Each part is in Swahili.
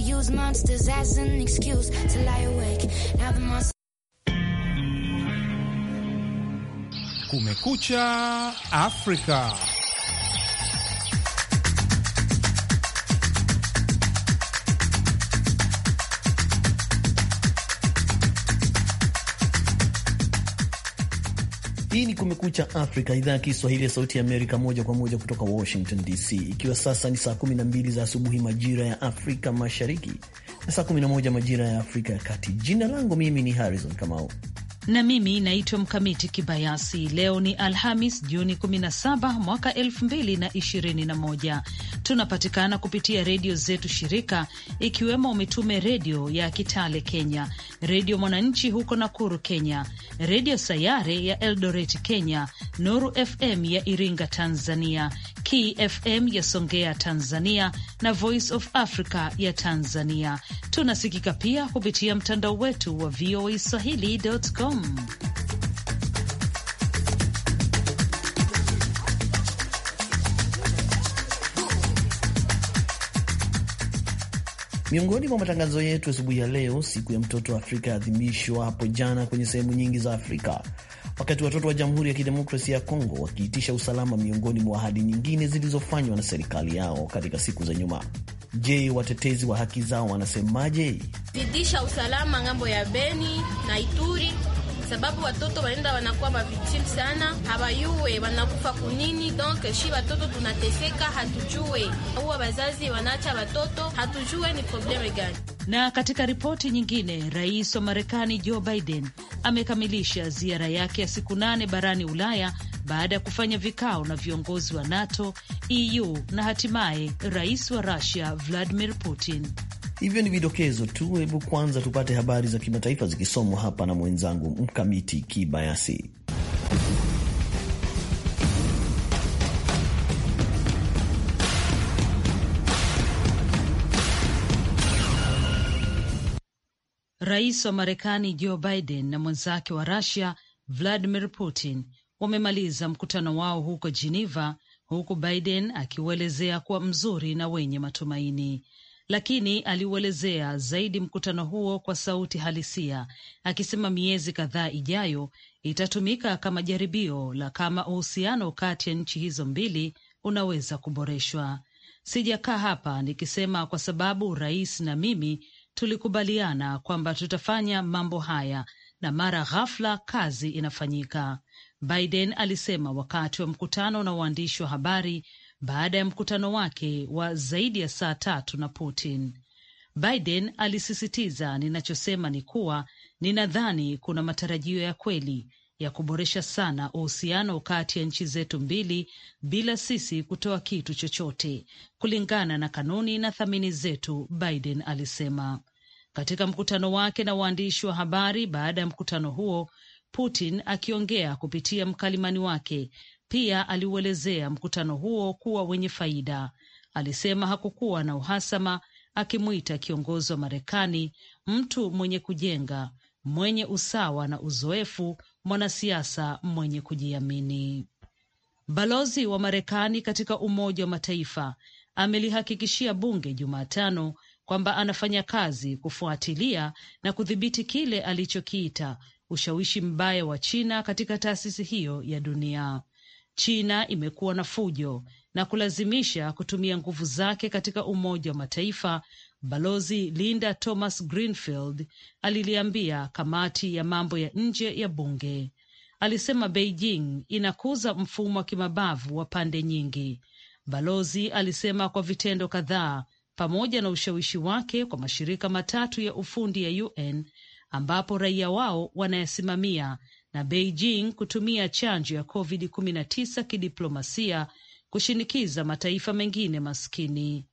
use monsters as an excuse to lie awake. Now the monster... Kumekucha Afrika. Hii ni Kumekucha Afrika, idhaa ya Kiswahili ya Sauti ya Amerika, moja kwa moja kutoka Washington DC, ikiwa sasa ni saa 12 za asubuhi majira ya Afrika Mashariki na saa 11 majira ya Afrika ya Kati. Jina langu mimi ni Harrison Kamau na mimi naitwa Mkamiti Kibayasi. Leo ni Alhamis, Juni 17 mwaka 2021. Tunapatikana kupitia redio zetu shirika, ikiwemo Mitume Redio ya Kitale Kenya, Redio Mwananchi huko Nakuru Kenya, Redio Sayare ya Eldoret Kenya, Nuru FM ya Iringa Tanzania, KFM ya Songea Tanzania na Voice of Africa ya Tanzania. Tunasikika pia kupitia mtandao wetu wa voa swahili.com. Miongoni mwa matangazo yetu asubuhi ya leo, siku ya mtoto wa Afrika yaadhimishwa hapo jana kwenye sehemu nyingi za Afrika, wakati watoto wa Jamhuri ya Kidemokrasia ya Kongo wakiitisha usalama, miongoni mwa ahadi nyingine zilizofanywa na serikali yao katika siku za nyuma. Je, watetezi wa haki zao wanasemaje? zidisha usalama ng'ambo ya Beni na Ituri sababu watoto wanaenda wanakuwa mavictim sana, hawayue wanakufa kunini. Donc shi watoto tunateseka, hatujue huwa wazazi wanaacha watoto, hatujue ni probleme gani. Na katika ripoti nyingine, rais wa Marekani Joe Biden amekamilisha ziara yake ya siku nane barani Ulaya baada ya kufanya vikao na viongozi wa NATO, EU na hatimaye rais wa Rusia Vladimir Putin. Hivyo ni vidokezo tu. Hebu kwanza tupate habari za kimataifa zikisomwa hapa na mwenzangu Mkamiti Kibayasi. Rais wa Marekani Joe Biden na mwenzake wa Rusia Vladimir Putin wamemaliza mkutano wao huko Geneva, huku Biden akiuelezea kuwa mzuri na wenye matumaini lakini aliuelezea zaidi mkutano huo kwa sauti halisia, akisema miezi kadhaa ijayo itatumika kama jaribio la kama uhusiano kati ya nchi hizo mbili unaweza kuboreshwa. Sijakaa hapa nikisema kwa sababu rais na mimi tulikubaliana kwamba tutafanya mambo haya, na mara ghafla kazi inafanyika. Biden alisema wakati wa mkutano na waandishi wa habari baada ya mkutano wake wa zaidi ya saa tatu na Putin. Biden alisisitiza, ninachosema ni kuwa ninadhani kuna matarajio ya kweli ya kuboresha sana uhusiano kati ya nchi zetu mbili bila sisi kutoa kitu chochote, kulingana na kanuni na thamini zetu, Biden alisema katika mkutano wake na waandishi wa habari. Baada ya mkutano huo, Putin akiongea kupitia mkalimani wake pia aliuelezea mkutano huo kuwa wenye faida. Alisema hakukuwa na uhasama, akimwita kiongozi wa Marekani mtu mwenye kujenga, mwenye usawa na uzoefu, mwanasiasa mwenye kujiamini. Balozi wa Marekani katika Umoja wa Mataifa amelihakikishia bunge Jumatano kwamba anafanya kazi kufuatilia na kudhibiti kile alichokiita ushawishi mbaya wa China katika taasisi hiyo ya dunia. China imekuwa na fujo na kulazimisha kutumia nguvu zake katika Umoja wa Mataifa, Balozi Linda Thomas Greenfield aliliambia kamati ya mambo ya nje ya bunge. Alisema Beijing inakuza mfumo wa kimabavu wa pande nyingi. Balozi alisema kwa vitendo kadhaa, pamoja na ushawishi wake kwa mashirika matatu ya ufundi ya UN ambapo raia wao wanayasimamia na Beijing kutumia chanjo ya COVID-19 kidiplomasia kushinikiza mataifa mengine maskini.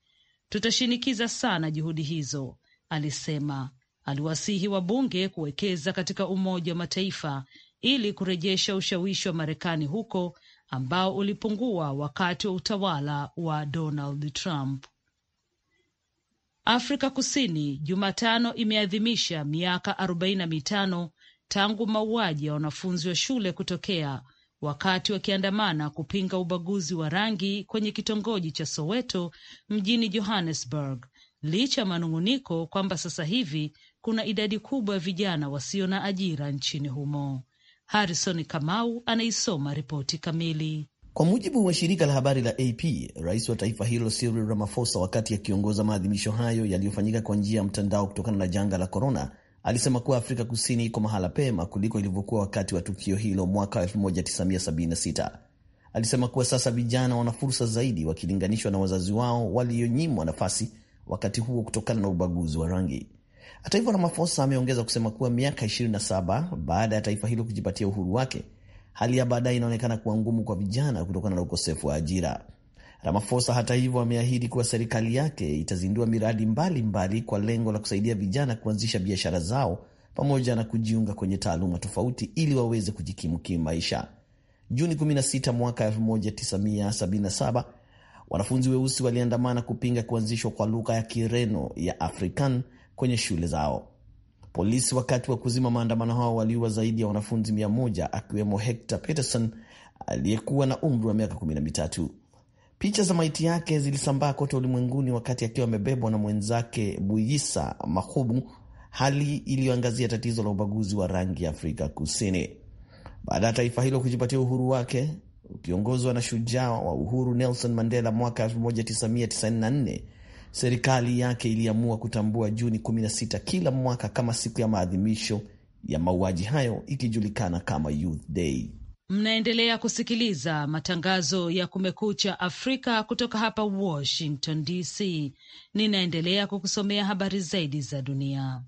Tutashinikiza sana juhudi hizo, alisema. Aliwasihi wabunge kuwekeza katika Umoja wa Mataifa ili kurejesha ushawishi wa Marekani huko ambao ulipungua wakati wa utawala wa Donald Trump. Afrika Kusini Jumatano imeadhimisha miaka arobaini na mitano tangu mauaji ya wanafunzi wa shule kutokea wakati wakiandamana kupinga ubaguzi wa rangi kwenye kitongoji cha Soweto mjini Johannesburg, licha ya manung'uniko kwamba sasa hivi kuna idadi kubwa ya vijana wasio na ajira nchini humo. Harrison Kamau anaisoma ripoti kamili. Kwa mujibu wa shirika la habari la AP, rais wa taifa hilo Cyril Ramaphosa, wakati akiongoza maadhimisho hayo yaliyofanyika kwa njia ya mtandao kutokana na janga la korona, alisema kuwa Afrika Kusini iko mahala pema kuliko ilivyokuwa wakati wa tukio hilo mwaka 1976. Alisema kuwa sasa vijana wana fursa zaidi wakilinganishwa na wazazi wao walionyimwa nafasi wakati huo kutokana na ubaguzi wa rangi. Hata hivyo, Ramaphosa ameongeza kusema kuwa miaka 27 baada ya taifa hilo kujipatia uhuru wake hali ya baadaye inaonekana kuwa ngumu kwa vijana kutokana na ukosefu wa ajira. ramafosa hata hivyo ameahidi kuwa serikali yake itazindua miradi mbalimbali mbali kwa lengo la kusaidia vijana kuanzisha biashara zao pamoja na kujiunga kwenye taaluma tofauti ili waweze kujikimu kimaisha. Juni 16 mwaka 1977 wanafunzi weusi waliandamana kupinga kuanzishwa kwa lugha ya Kireno ya Afrikan kwenye shule zao. Polisi wakati wa kuzima maandamano hao waliua zaidi ya wanafunzi mia moja akiwemo Hector Peterson aliyekuwa na umri wa miaka kumi na mitatu. Picha za maiti yake zilisambaa kote ulimwenguni wakati akiwa amebebwa na mwenzake Buyisa Mahubu, hali iliyoangazia tatizo la ubaguzi wa rangi ya Afrika Kusini. Baada ya taifa hilo kujipatia uhuru wake ukiongozwa na shujaa wa uhuru Nelson Mandela mwaka 1994 Serikali yake iliamua kutambua Juni 16 kila mwaka kama siku ya maadhimisho ya mauaji hayo ikijulikana kama Youth Day. Mnaendelea kusikiliza matangazo ya Kumekucha Afrika kutoka hapa Washington DC. Ninaendelea kukusomea habari zaidi za dunia.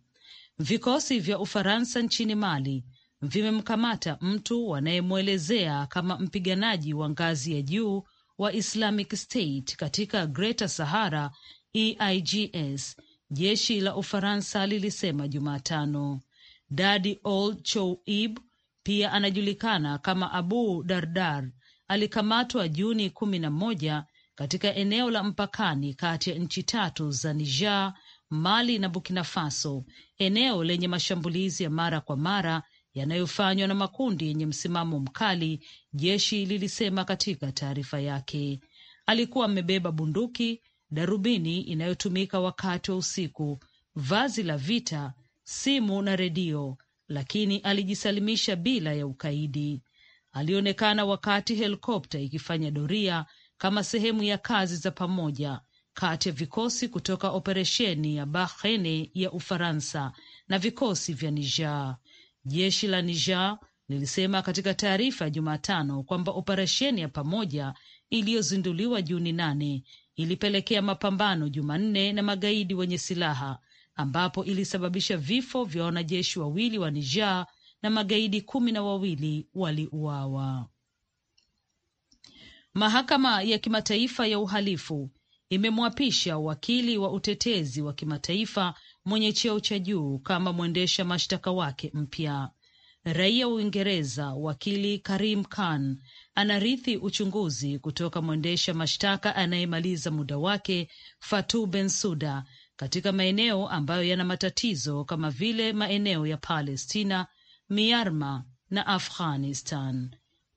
Vikosi vya Ufaransa nchini Mali vimemkamata mtu wanayemwelezea kama mpiganaji wa ngazi ya juu wa Islamic State katika Greater Sahara EIGS, jeshi la Ufaransa lilisema Jumatano. Dadi Ould Chouib, pia anajulikana kama Abu Dardar, alikamatwa Juni kumi na moja katika eneo la mpakani kati ya nchi tatu za Niger, Mali na Burkina Faso, eneo lenye mashambulizi ya mara kwa mara yanayofanywa na makundi yenye msimamo mkali, jeshi lilisema katika taarifa yake. Alikuwa amebeba bunduki darubini inayotumika wakati wa usiku, vazi la vita, simu na redio, lakini alijisalimisha bila ya ukaidi. Alionekana wakati helikopta ikifanya doria kama sehemu ya kazi za pamoja kati ya vikosi kutoka operesheni ya Bahene ya Ufaransa na vikosi vya Niger. Jeshi la Niger lilisema katika taarifa ya Jumatano kwamba operesheni ya pamoja iliyozinduliwa Juni nane ilipelekea mapambano Jumanne na magaidi wenye silaha ambapo ilisababisha vifo vya wanajeshi wawili wa Niger na magaidi kumi na wawili waliuawa. Mahakama ya Kimataifa ya Uhalifu imemwapisha wakili wa utetezi wa kimataifa mwenye cheo cha juu kama mwendesha mashtaka wake mpya raia wa Uingereza wakili Karim Khan anarithi uchunguzi kutoka mwendesha mashtaka anayemaliza muda wake Fatu Bensuda katika maeneo ambayo yana matatizo kama vile maeneo ya Palestina, Myanmar na Afghanistan.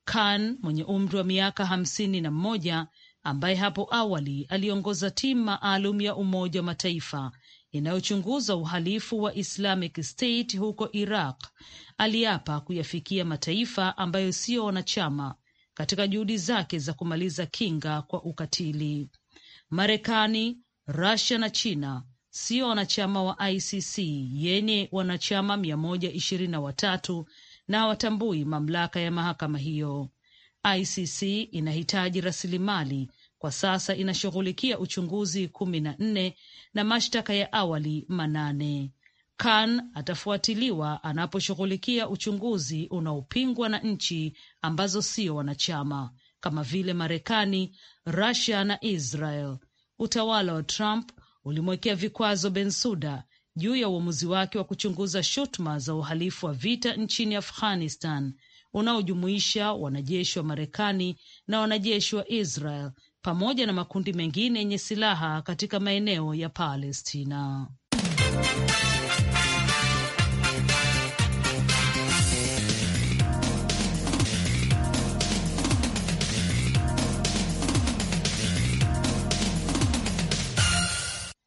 Khan mwenye umri wa miaka hamsini na mmoja ambaye hapo awali aliongoza timu maalum ya Umoja wa Mataifa inayochunguza uhalifu wa Islamic State huko Iraq aliapa kuyafikia mataifa ambayo siyo wanachama katika juhudi zake za kumaliza kinga kwa ukatili. Marekani, Rusia na China sio wanachama wa ICC yenye wanachama mia moja ishirini na watatu na hawatambui mamlaka ya mahakama hiyo. ICC inahitaji rasilimali kwa sasa inashughulikia uchunguzi kumi na nne na mashtaka ya awali manane. Khan atafuatiliwa anaposhughulikia uchunguzi unaopingwa na nchi ambazo sio wanachama kama vile Marekani, Rusia na Israel. Utawala wa Trump ulimwekea vikwazo Bensuda juu ya uamuzi wake wa kuchunguza shutuma za uhalifu wa vita nchini Afghanistan unaojumuisha wanajeshi wa Marekani na wanajeshi wa Israel pamoja na makundi mengine yenye silaha katika maeneo ya Palestina.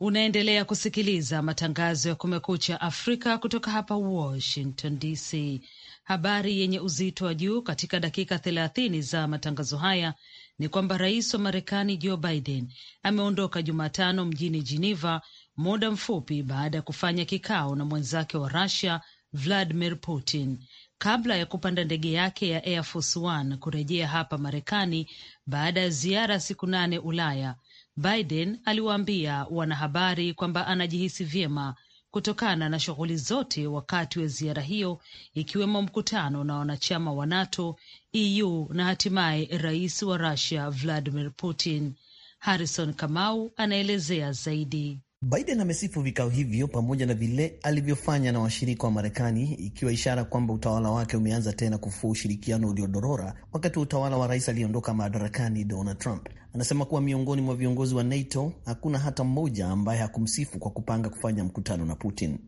Unaendelea kusikiliza matangazo ya Kumekucha Afrika kutoka hapa Washington DC. Habari yenye uzito wa juu katika dakika thelathini za matangazo haya ni kwamba rais wa Marekani Joe Biden ameondoka Jumatano mjini Geneva muda mfupi baada ya kufanya kikao na mwenzake wa Russia Vladimir Putin kabla ya kupanda ndege yake ya Air Force One kurejea hapa Marekani baada ya ziara siku nane Ulaya. Biden aliwaambia wanahabari kwamba anajihisi vyema kutokana na shughuli zote wakati wa ziara hiyo, ikiwemo mkutano na wanachama wa NATO, EU na hatimaye rais wa Russia Vladimir Putin. Harrison Kamau anaelezea zaidi. Biden amesifu vikao hivyo pamoja na vile alivyofanya na washirika wa Marekani, ikiwa ishara kwamba utawala wake umeanza tena kufua ushirikiano uliodorora wakati wa utawala wa rais aliyeondoka madarakani Donald Trump. Anasema kuwa miongoni mwa viongozi wa NATO hakuna hata mmoja ambaye hakumsifu kwa kupanga kufanya mkutano na Putin.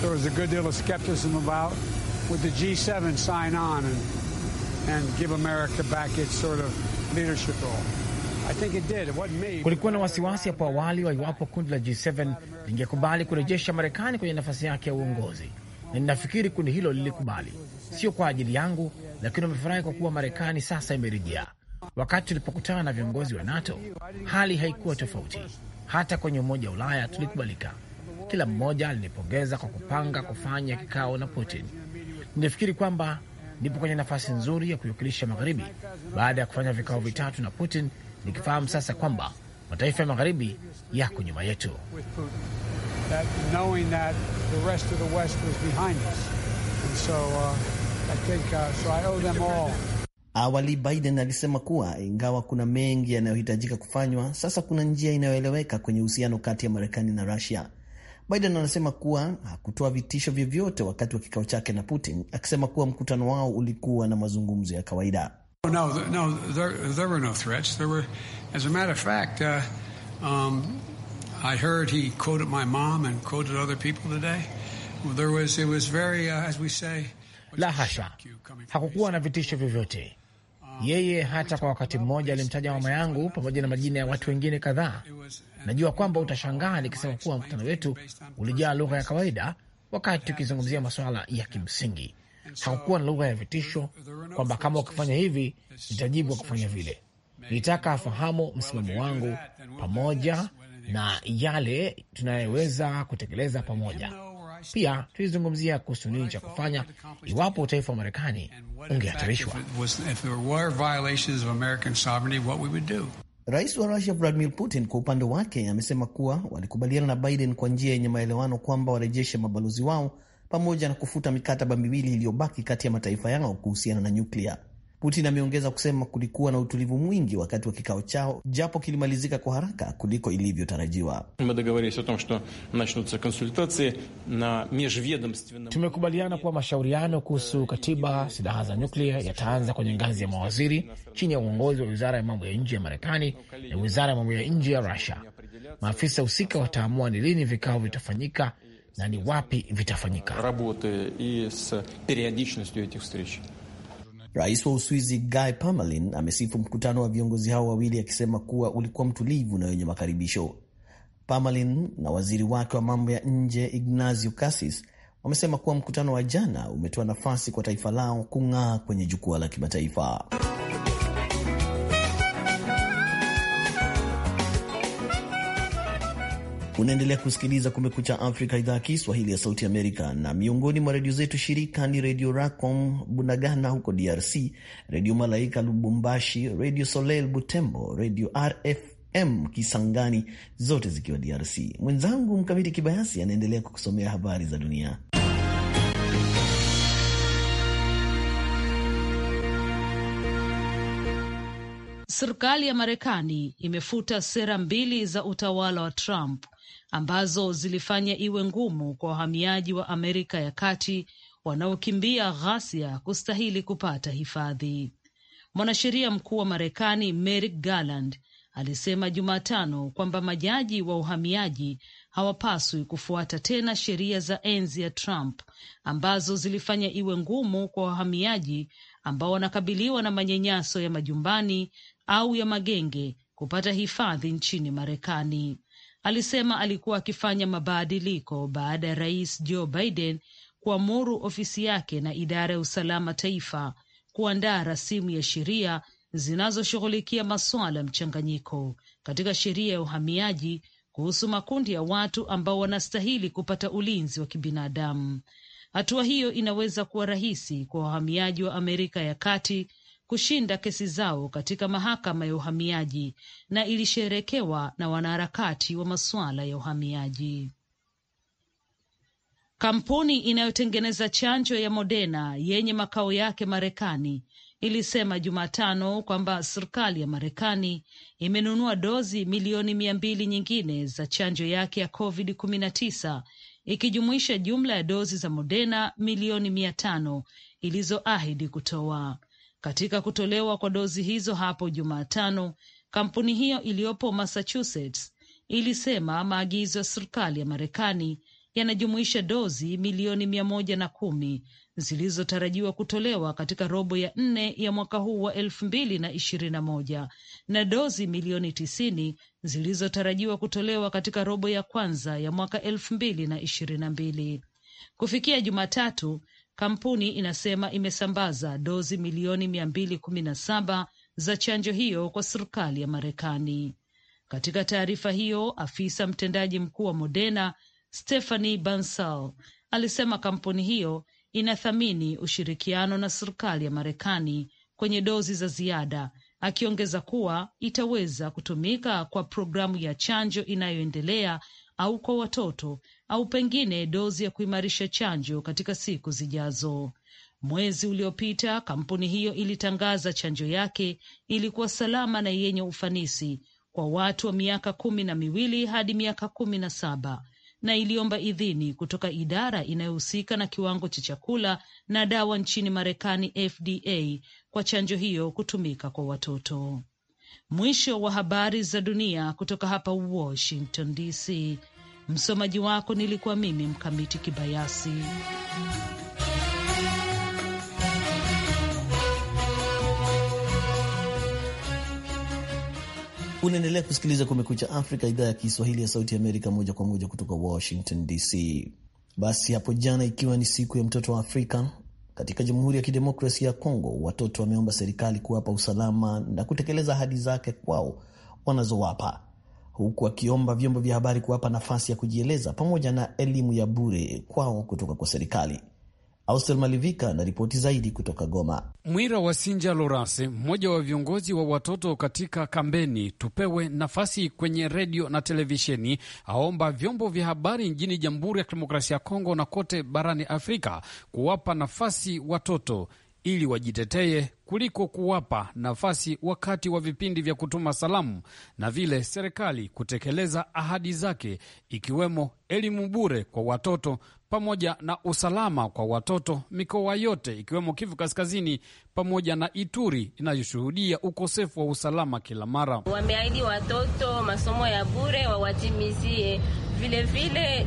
There was a good deal of skepticism about would the G7 sign on and, and give America back its sort of leadership role. Kulikuwa na wasiwasi hapo awali wa iwapo kundi la G7 lingekubali kurejesha Marekani kwenye nafasi yake ya uongozi, na ninafikiri kundi hilo lilikubali, sio kwa ajili yangu, lakini wamefurahi kwa kuwa Marekani sasa imerejea. Wakati tulipokutana na viongozi wa NATO hali haikuwa tofauti. Hata kwenye Umoja wa Ulaya tulikubalika. Kila mmoja alinipongeza kwa kupanga kufanya kikao na Putin. Ninafikiri kwamba nipo kwenye nafasi nzuri ya kuiwakilisha Magharibi baada ya kufanya vikao vitatu na Putin nikifahamu sasa kwamba mataifa ya magharibi yako nyuma yetu. Uh, uh, Awali Biden alisema kuwa ingawa kuna mengi yanayohitajika kufanywa, sasa kuna njia inayoeleweka kwenye uhusiano kati ya Marekani na Rusia. Biden anasema kuwa hakutoa vitisho vyovyote wakati wa kikao chake na Putin, akisema kuwa mkutano wao ulikuwa na mazungumzo ya kawaida. Oh, no, no, there, there were no threats. There were, as a matter of fact, uh, um, I heard he quoted my mom and quoted other people today. There was, it was very, uh, as we say, la hasha, hakukuwa na vitisho vyovyote. Yeye hata kwa wakati mmoja alimtaja mama yangu pamoja na majina ya watu wengine kadhaa. Najua kwamba utashangaa nikisema kuwa mkutano wetu ulijaa lugha ya kawaida wakati tukizungumzia masuala ya kimsingi haukuwa na lugha ya vitisho kwamba kama ukifanya hivi nitajibu wa kufanya vile. nitaka afahamu msimamo wangu pamoja na yale tunayoweza kutekeleza pamoja. Pia tulizungumzia kuhusu nini cha kufanya iwapo utaifa wa Marekani ungehatarishwa. Rais wa Rusia Vladimir Putin kwa upande wake amesema kuwa walikubaliana na Biden kwa njia yenye maelewano kwamba warejeshe mabalozi wao pamoja na kufuta mikataba miwili iliyobaki kati ya mataifa yao kuhusiana na nyuklia. Putin ameongeza kusema kulikuwa na utulivu mwingi wakati wa kikao chao, japo kilimalizika kwa haraka kuliko ilivyotarajiwa. Tumekubaliana kuwa mashauriano kuhusu katiba silaha za nyuklia yataanza kwenye ngazi ya mawaziri chini ya uongozi wa wizara ya mambo ya nje ya Marekani na wizara ya mambo ya nje ya Rusia. Maafisa husika wataamua ni lini vikao vitafanyika na ni wapi vitafanyika. Rais wa Uswizi Guy Parmelin amesifu mkutano wa viongozi hao wawili akisema kuwa ulikuwa mtulivu na wenye makaribisho. Parmelin na waziri wake wa mambo ya nje Ignazio Cassis wamesema kuwa mkutano wa jana umetoa nafasi kwa taifa lao kung'aa kwenye jukwaa la kimataifa. Unaendelea kusikiliza Kumekucha Afrika, idhaa ya Kiswahili ya Sauti Amerika. Na miongoni mwa redio zetu shirika ni Redio Racom Bunagana huko DRC, Redio Malaika Lubumbashi, Redio Soleil Butembo, Redio RFM Kisangani, zote zikiwa DRC. Mwenzangu Mkamiti Kibayasi anaendelea kukusomea habari za dunia. Serikali ya Marekani imefuta sera mbili za utawala wa Trump ambazo zilifanya iwe ngumu kwa wahamiaji wa Amerika ya Kati wanaokimbia ghasia kustahili kupata hifadhi. Mwanasheria mkuu wa Marekani Merrick Garland alisema Jumatano kwamba majaji wa uhamiaji hawapaswi kufuata tena sheria za enzi ya Trump ambazo zilifanya iwe ngumu kwa wahamiaji ambao wanakabiliwa na manyanyaso ya majumbani au ya magenge kupata hifadhi nchini Marekani alisema alikuwa akifanya mabadiliko baada ya rais Joe Biden kuamuru ofisi yake na idara ya usalama taifa kuandaa rasimu ya sheria zinazoshughulikia masuala mchanganyiko katika sheria ya uhamiaji kuhusu makundi ya watu ambao wanastahili kupata ulinzi wa kibinadamu. Hatua hiyo inaweza kuwa rahisi kwa wahamiaji wa Amerika ya Kati kushinda kesi zao katika mahakama ya uhamiaji na ilisherekewa na wanaharakati wa masuala ya uhamiaji. Kampuni inayotengeneza chanjo ya Moderna yenye makao yake Marekani ilisema Jumatano kwamba serikali ya Marekani imenunua dozi milioni mia mbili nyingine za chanjo yake ya COVID-19 ikijumuisha jumla ya dozi za Moderna milioni mia tano ilizoahidi kutoa. Katika kutolewa kwa dozi hizo hapo Jumatano, kampuni hiyo iliyopo Massachusetts ilisema maagizo ya serikali ya Marekani yanajumuisha dozi milioni mia moja na kumi zilizotarajiwa kutolewa katika robo ya nne ya mwaka huu wa elfu mbili na ishirini na moja na dozi milioni tisini zilizotarajiwa kutolewa katika robo ya kwanza ya mwaka elfu mbili na ishirini na mbili. Kufikia Jumatatu, Kampuni inasema imesambaza dozi milioni mia mbili kumi na saba za chanjo hiyo kwa serikali ya Marekani. Katika taarifa hiyo, afisa mtendaji mkuu wa Moderna Stephanie bansal alisema kampuni hiyo inathamini ushirikiano na serikali ya Marekani kwenye dozi za ziada, akiongeza kuwa itaweza kutumika kwa programu ya chanjo inayoendelea au kwa watoto au pengine dozi ya kuimarisha chanjo katika siku zijazo. Mwezi uliopita kampuni hiyo ilitangaza chanjo yake ilikuwa salama na yenye ufanisi kwa watu wa miaka kumi na miwili hadi miaka kumi na saba na iliomba idhini kutoka idara inayohusika na kiwango cha chakula na dawa nchini Marekani, FDA, kwa chanjo hiyo kutumika kwa watoto. Mwisho wa habari za dunia kutoka hapa Washington DC. Msomaji wako nilikuwa mimi Mkamiti Kibayasi. Unaendelea kusikiliza Kumekucha Afrika, idhaa ya Kiswahili ya Sauti Amerika, moja kwa moja kutoka Washington DC. Basi hapo jana, ikiwa ni siku ya mtoto wa Afrika, katika Jamhuri ya Kidemokrasia ya Kongo, watoto wameomba serikali kuwapa usalama na kutekeleza ahadi zake kwao wanazowapa huku akiomba vyombo vya habari kuwapa nafasi ya kujieleza pamoja na elimu ya bure kwao kutoka kwa serikali. Austel Malivika na ripoti zaidi kutoka Goma. Mwira wa sinja Lorase, mmoja wa viongozi wa watoto katika kambeni tupewe nafasi kwenye redio na televisheni, aomba vyombo vya habari nchini Jamhuri ya Kidemokrasia ya Kongo na kote barani Afrika kuwapa nafasi watoto ili wajitetee kuliko kuwapa nafasi wakati wa vipindi vya kutuma salamu na vile serikali kutekeleza ahadi zake ikiwemo elimu bure kwa watoto pamoja na usalama kwa watoto mikoa yote ikiwemo Kivu Kaskazini pamoja na Ituri inayoshuhudia ukosefu wa usalama kila mara. Wameahidi watoto masomo ya bure wawatimizie, vilevile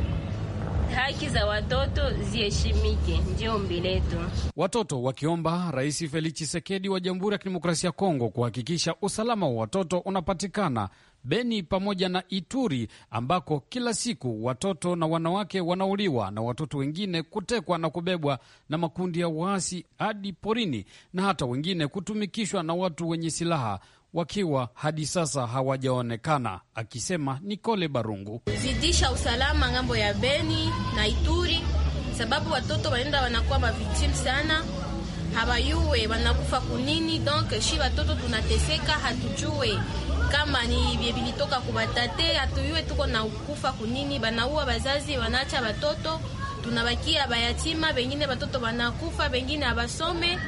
haki za watoto ziheshimike, ndio ombi letu. Watoto wakiomba Rais Felix Tshisekedi wa Jamhuri ya Kidemokrasia ya Kongo kuhakikisha usalama wa watoto unapatikana Beni pamoja na Ituri ambako kila siku watoto na wanawake wanauliwa na watoto wengine kutekwa na kubebwa na makundi ya waasi hadi porini na hata wengine kutumikishwa na watu wenye silaha wakiwa hadi sasa hawajaonekana, akisema Nicole Barungu. zidisha usalama ng'ambo ya Beni na Ituri sababu watoto waenda wanakuwa mavictim sana, hawayuwe wanakufa kunini. Donc shi watoto tunateseka, hatujue kama ni vilitoka kubatate, hatuyuwe tuko na ukufa kunini. Banaua bazazi, wanaacha watoto, tunabakia bayatima, vengine watoto wanakufa, vengine abasome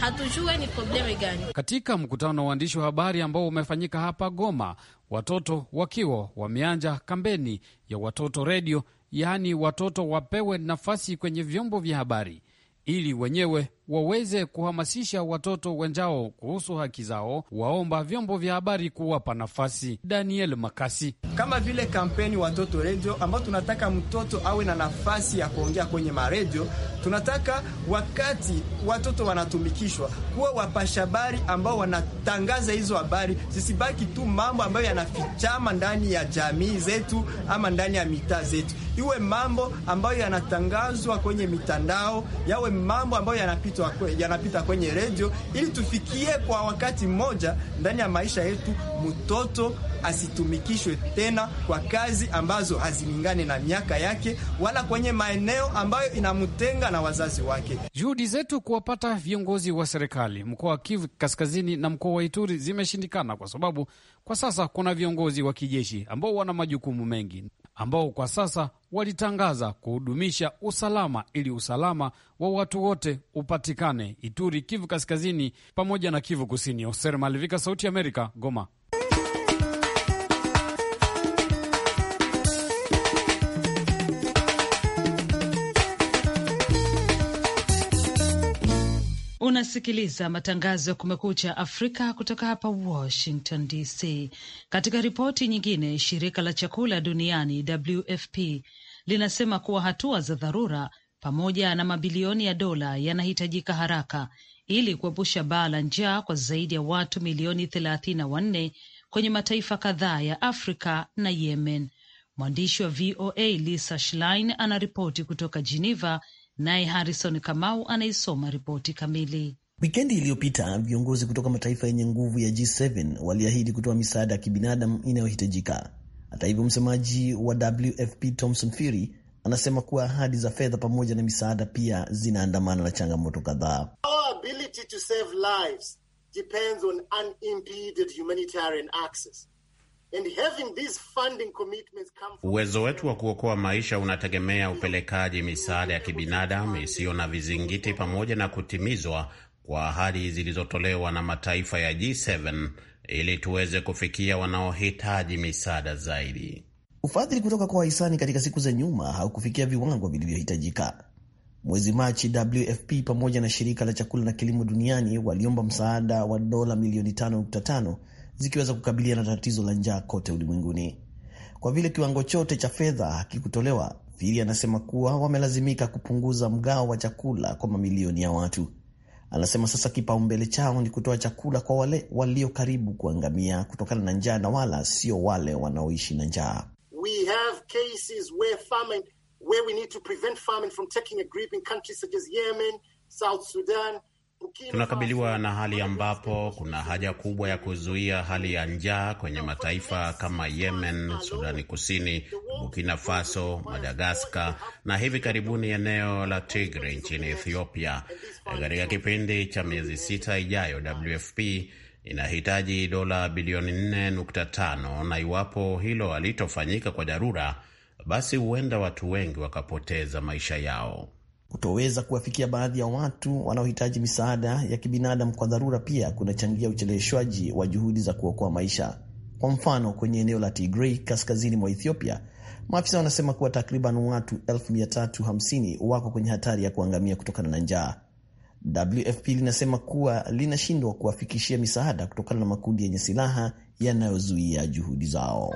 hatujue ni problemu gani. Katika mkutano wa waandishi wa habari ambao umefanyika hapa Goma, watoto wakiwa wameanja kampeni ya watoto redio, yaani watoto wapewe nafasi kwenye vyombo vya habari ili wenyewe waweze kuhamasisha watoto wenzao kuhusu haki zao, waomba vyombo vya habari kuwapa nafasi. Daniel Makasi: kama vile kampeni watoto redio, ambao tunataka mtoto awe na nafasi ya kuongea kwenye maredio. Tunataka wakati watoto wanatumikishwa kuwa wapashabari ambao wanatangaza hizo habari, zisibaki tu mambo ambayo yanafichama ndani ya jamii zetu ama ndani ya mitaa zetu, iwe mambo ambayo yanatangazwa kwenye mitandao, yawe mambo ambayo yanapita yanapita yanapita kwenye redio, ili tufikie kwa wakati mmoja ndani ya maisha yetu, mtoto asitumikishwe tena kwa kazi ambazo hazilingani na miaka yake wala kwenye maeneo ambayo inamtenga na wazazi wake. Juhudi zetu kuwapata viongozi wa serikali mkoa wa Kivu Kaskazini na mkoa wa Ituri zimeshindikana kwa sababu kwa sasa kuna viongozi wa kijeshi ambao wana majukumu mengi ambao kwa sasa walitangaza kuhudumisha usalama ili usalama wa watu wote upatikane Ituri, Kivu Kaskazini pamoja na Kivu Kusini. hoser Malivika, Sauti ya Amerika, Goma. Unasikiliza matangazo ya Kumekucha Afrika kutoka hapa Washington DC. Katika ripoti nyingine, shirika la chakula duniani WFP linasema kuwa hatua za dharura pamoja na mabilioni ya dola yanahitajika haraka ili kuepusha baa la njaa kwa zaidi ya watu milioni thelathini na wanne kwenye mataifa kadhaa ya Afrika na Yemen. Mwandishi wa VOA Lisa Schlein anaripoti kutoka Geneva Naye Harrison Kamau anaisoma ripoti kamili. Wikendi iliyopita viongozi kutoka mataifa yenye nguvu ya G7 waliahidi kutoa misaada ya kibinadamu inayohitajika. Hata hivyo, msemaji wa WFP Thomson Firi anasema kuwa ahadi za fedha pamoja na misaada pia zinaandamana na changamoto kadhaa. depends on unimpeded humanitarian access. Uwezo wetu wa kuokoa maisha unategemea upelekaji misaada ya kibinadamu isiyo na vizingiti pamoja na kutimizwa kwa ahadi zilizotolewa na mataifa ya G7 ili tuweze kufikia wanaohitaji misaada zaidi. Ufadhili kutoka kwa wahisani katika siku za nyuma haukufikia viwango vilivyohitajika. Mwezi Machi, WFP pamoja na shirika la chakula na kilimo duniani waliomba msaada wa dola milioni 5.5 zikiweza kukabiliana na tatizo la njaa kote ulimwenguni. Kwa vile kiwango chote cha fedha hakikutolewa, viri anasema kuwa wamelazimika kupunguza mgao wa chakula kwa mamilioni ya watu. Anasema sasa kipaumbele chao ni kutoa chakula kwa wale walio karibu kuangamia kutokana na njaa na wala sio wale wanaoishi na njaa. Tunakabiliwa na hali ambapo kuna haja kubwa ya kuzuia hali ya njaa kwenye mataifa kama Yemen, Sudani Kusini, Burkina Faso, Madagaskar na hivi karibuni eneo la Tigray nchini Ethiopia. Katika kipindi cha miezi sita ijayo, WFP inahitaji dola bilioni 4.5 na iwapo hilo halitofanyika kwa dharura, basi huenda watu wengi wakapoteza maisha yao. Kutoweza kuwafikia baadhi ya watu wanaohitaji misaada ya kibinadamu kwa dharura pia kunachangia ucheleweshwaji wa juhudi za kuokoa maisha. Kwa mfano, kwenye eneo la Tigray kaskazini mwa Ethiopia, maafisa wanasema kuwa takriban watu 350 wako kwenye hatari ya kuangamia kutokana na njaa. WFP linasema kuwa linashindwa kuwafikishia misaada kutokana na makundi yenye silaha yanayozuia juhudi zao.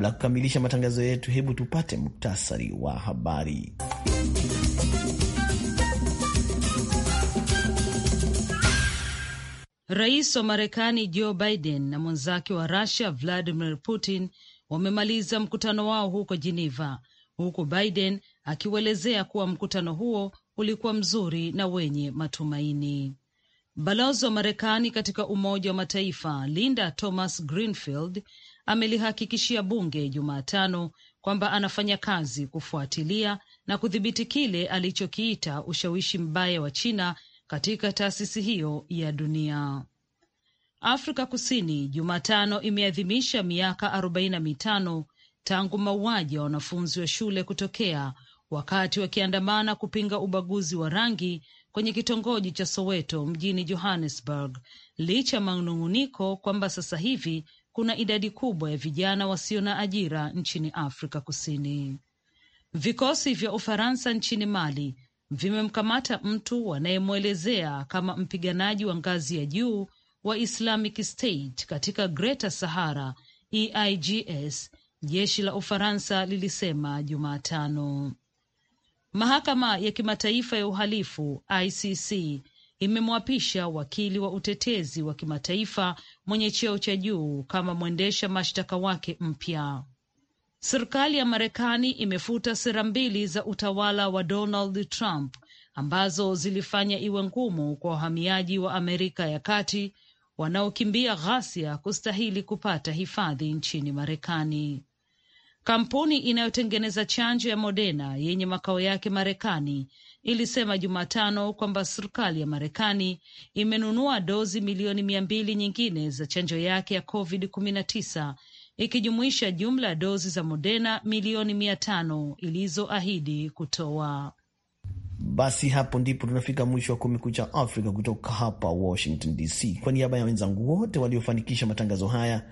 Kabla ya kukamilisha matangazo yetu, hebu tupate muktasari wa habari. Rais wa Marekani Joe Biden na mwenzake wa Rusia Vladimir Putin wamemaliza mkutano wao huko Jeneva, huku Biden akiuelezea kuwa mkutano huo ulikuwa mzuri na wenye matumaini. Balozi wa Marekani katika Umoja wa Mataifa Linda Thomas Greenfield amelihakikishia bunge Jumatano kwamba anafanya kazi kufuatilia na kudhibiti kile alichokiita ushawishi mbaya wa China katika taasisi hiyo ya dunia. Afrika Kusini Jumatano imeadhimisha miaka arobaini na mitano tangu mauaji ya wanafunzi wa shule kutokea wakati wakiandamana kupinga ubaguzi wa rangi kwenye kitongoji cha Soweto mjini Johannesburg, licha ya manung'uniko kwamba sasa hivi kuna idadi kubwa ya vijana wasio na ajira nchini Afrika Kusini. Vikosi vya Ufaransa nchini Mali vimemkamata mtu wanayemwelezea kama mpiganaji wa ngazi ya juu wa Islamic State katika Greater Sahara EIGS, jeshi la Ufaransa lilisema Jumatano. Mahakama ya Kimataifa ya Uhalifu ICC imemwapisha wakili wa utetezi wa kimataifa mwenye cheo cha juu kama mwendesha mashtaka wake mpya. Serikali ya Marekani imefuta sera mbili za utawala wa Donald Trump ambazo zilifanya iwe ngumu kwa wahamiaji wa Amerika ya Kati wanaokimbia ghasia kustahili kupata hifadhi nchini Marekani. Kampuni inayotengeneza chanjo ya Moderna yenye makao yake Marekani ilisema Jumatano kwamba serikali ya Marekani imenunua dozi milioni mia mbili nyingine za chanjo yake ya COVID-19 ikijumuisha jumla ya dozi za Moderna milioni mia tano ilizoahidi kutoa. Basi hapo ndipo tunafika mwisho wa Kumekucha Afrika kutoka hapa Washington DC. Kwa niaba ya wenzangu wote waliofanikisha matangazo haya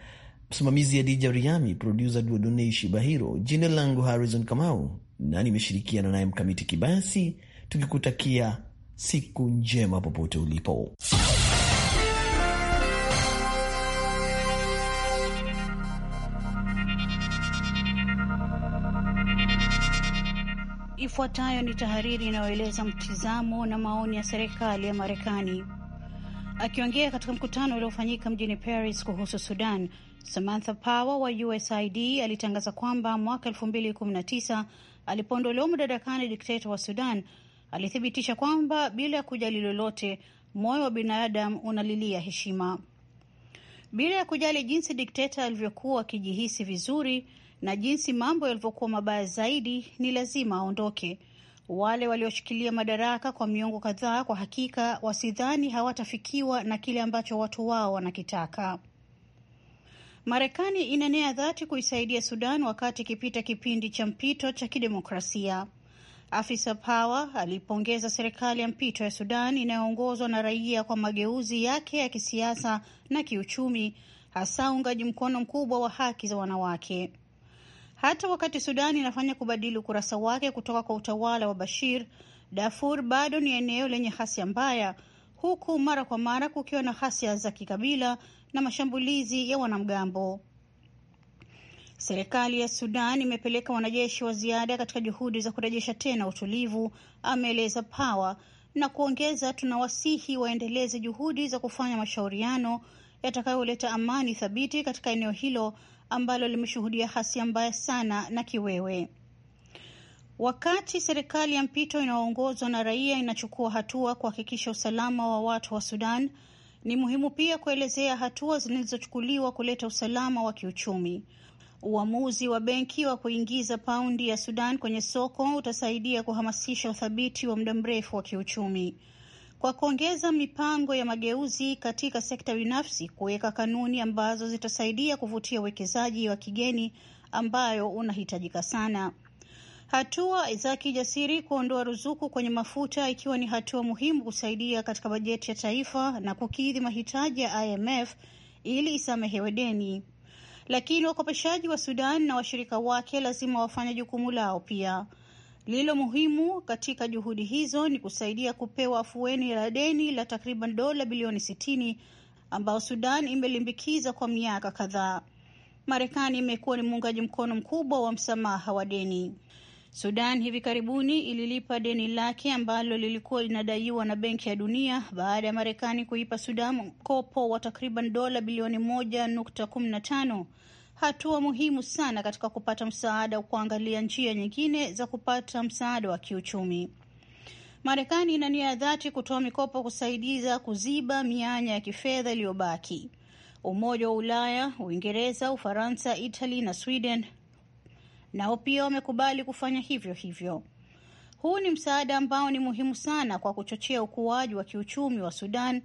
Msimamizi Adija Riami, produsa Duodonei Shibahiro. Jina langu Harrison Kamau na nimeshirikiana naye Mkamiti Kibayasi, tukikutakia siku njema popote ulipo. Ifuatayo ni tahariri inayoeleza mtizamo na maoni ya serikali ya Marekani. Akiongea katika mkutano uliofanyika mjini Paris kuhusu Sudan, Samantha Power wa USAID alitangaza kwamba mwaka 2019 alipoondolewa madarakani dikteta wa Sudan alithibitisha kwamba bila ya kujali lolote, moyo wa binadamu unalilia heshima. Bila ya kujali jinsi dikteta alivyokuwa akijihisi vizuri na jinsi mambo yalivyokuwa mabaya zaidi, ni lazima aondoke. Wale walioshikilia madaraka kwa miongo kadhaa, kwa hakika wasidhani hawatafikiwa na kile ambacho watu wao wanakitaka. Marekani ina nia dhati kuisaidia Sudan wakati ikipita kipindi cha mpito cha kidemokrasia. Afisa Power alipongeza serikali ya mpito ya Sudan inayoongozwa na raia kwa mageuzi yake ya kisiasa na kiuchumi, hasa uungaji mkono mkubwa wa haki za wanawake. Hata wakati Sudan inafanya kubadili ukurasa wake kutoka kwa utawala wa Bashir, Darfur bado ni eneo lenye hasia mbaya huku mara kwa mara kukiwa na ghasia za kikabila na mashambulizi ya wanamgambo. Serikali ya Sudan imepeleka wanajeshi wa ziada katika juhudi za kurejesha tena utulivu, ameeleza Power na kuongeza, tunawasihi waendeleze juhudi za kufanya mashauriano yatakayoleta amani thabiti katika eneo hilo ambalo limeshuhudia hasia mbaya sana na kiwewe wakati serikali ya mpito inayoongozwa na raia inachukua hatua kuhakikisha usalama wa watu wa Sudan, ni muhimu pia kuelezea hatua zilizochukuliwa kuleta usalama wa kiuchumi. Uamuzi wa benki wa kuingiza paundi ya Sudan kwenye soko utasaidia kuhamasisha uthabiti wa muda mrefu wa kiuchumi kwa kuongeza mipango ya mageuzi katika sekta binafsi, kuweka kanuni ambazo zitasaidia kuvutia uwekezaji wa kigeni ambayo unahitajika sana. Hatua za kijasiri kuondoa ruzuku kwenye mafuta ikiwa ni hatua muhimu kusaidia katika bajeti ya taifa na kukidhi mahitaji ya IMF ili isamehewe deni. Lakini wakopeshaji wa Sudan na washirika wake lazima wafanye jukumu lao pia. Lililo muhimu katika juhudi hizo ni kusaidia kupewa afueni la deni la takriban dola bilioni 60 ambao Sudan imelimbikiza kwa miaka kadhaa. Marekani imekuwa ni muungaji mkono mkubwa wa msamaha wa deni. Sudan hivi karibuni ililipa deni lake ambalo lilikuwa linadaiwa na Benki ya Dunia baada ya Marekani kuipa Sudan mkopo wa takriban dola bilioni moja nukta kumi na tano, hatua muhimu sana katika kupata msaada wa kuangalia njia nyingine za kupata msaada wa kiuchumi. Marekani ina nia ya dhati kutoa mikopo kusaidiza kuziba mianya ya kifedha iliyobaki. Umoja wa Ulaya, Uingereza, Ufaransa, Itali na Sweden nao pia wamekubali kufanya hivyo hivyo. Huu ni msaada ambao ni muhimu sana kwa kuchochea ukuaji wa kiuchumi wa Sudan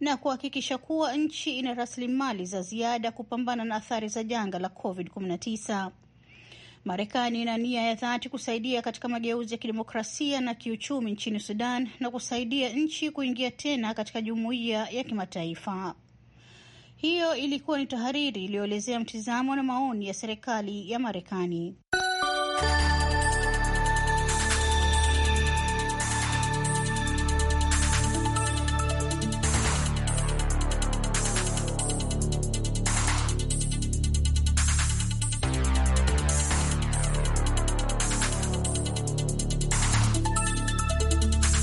na kuhakikisha kuwa nchi ina rasilimali za ziada kupambana na athari za janga la COVID-19. Marekani ina nia ya dhati kusaidia katika mageuzi ya kidemokrasia na kiuchumi nchini Sudan na kusaidia nchi kuingia tena katika jumuiya ya kimataifa. Hiyo ilikuwa ni tahariri iliyoelezea mtizamo na maoni ya serikali ya Marekani.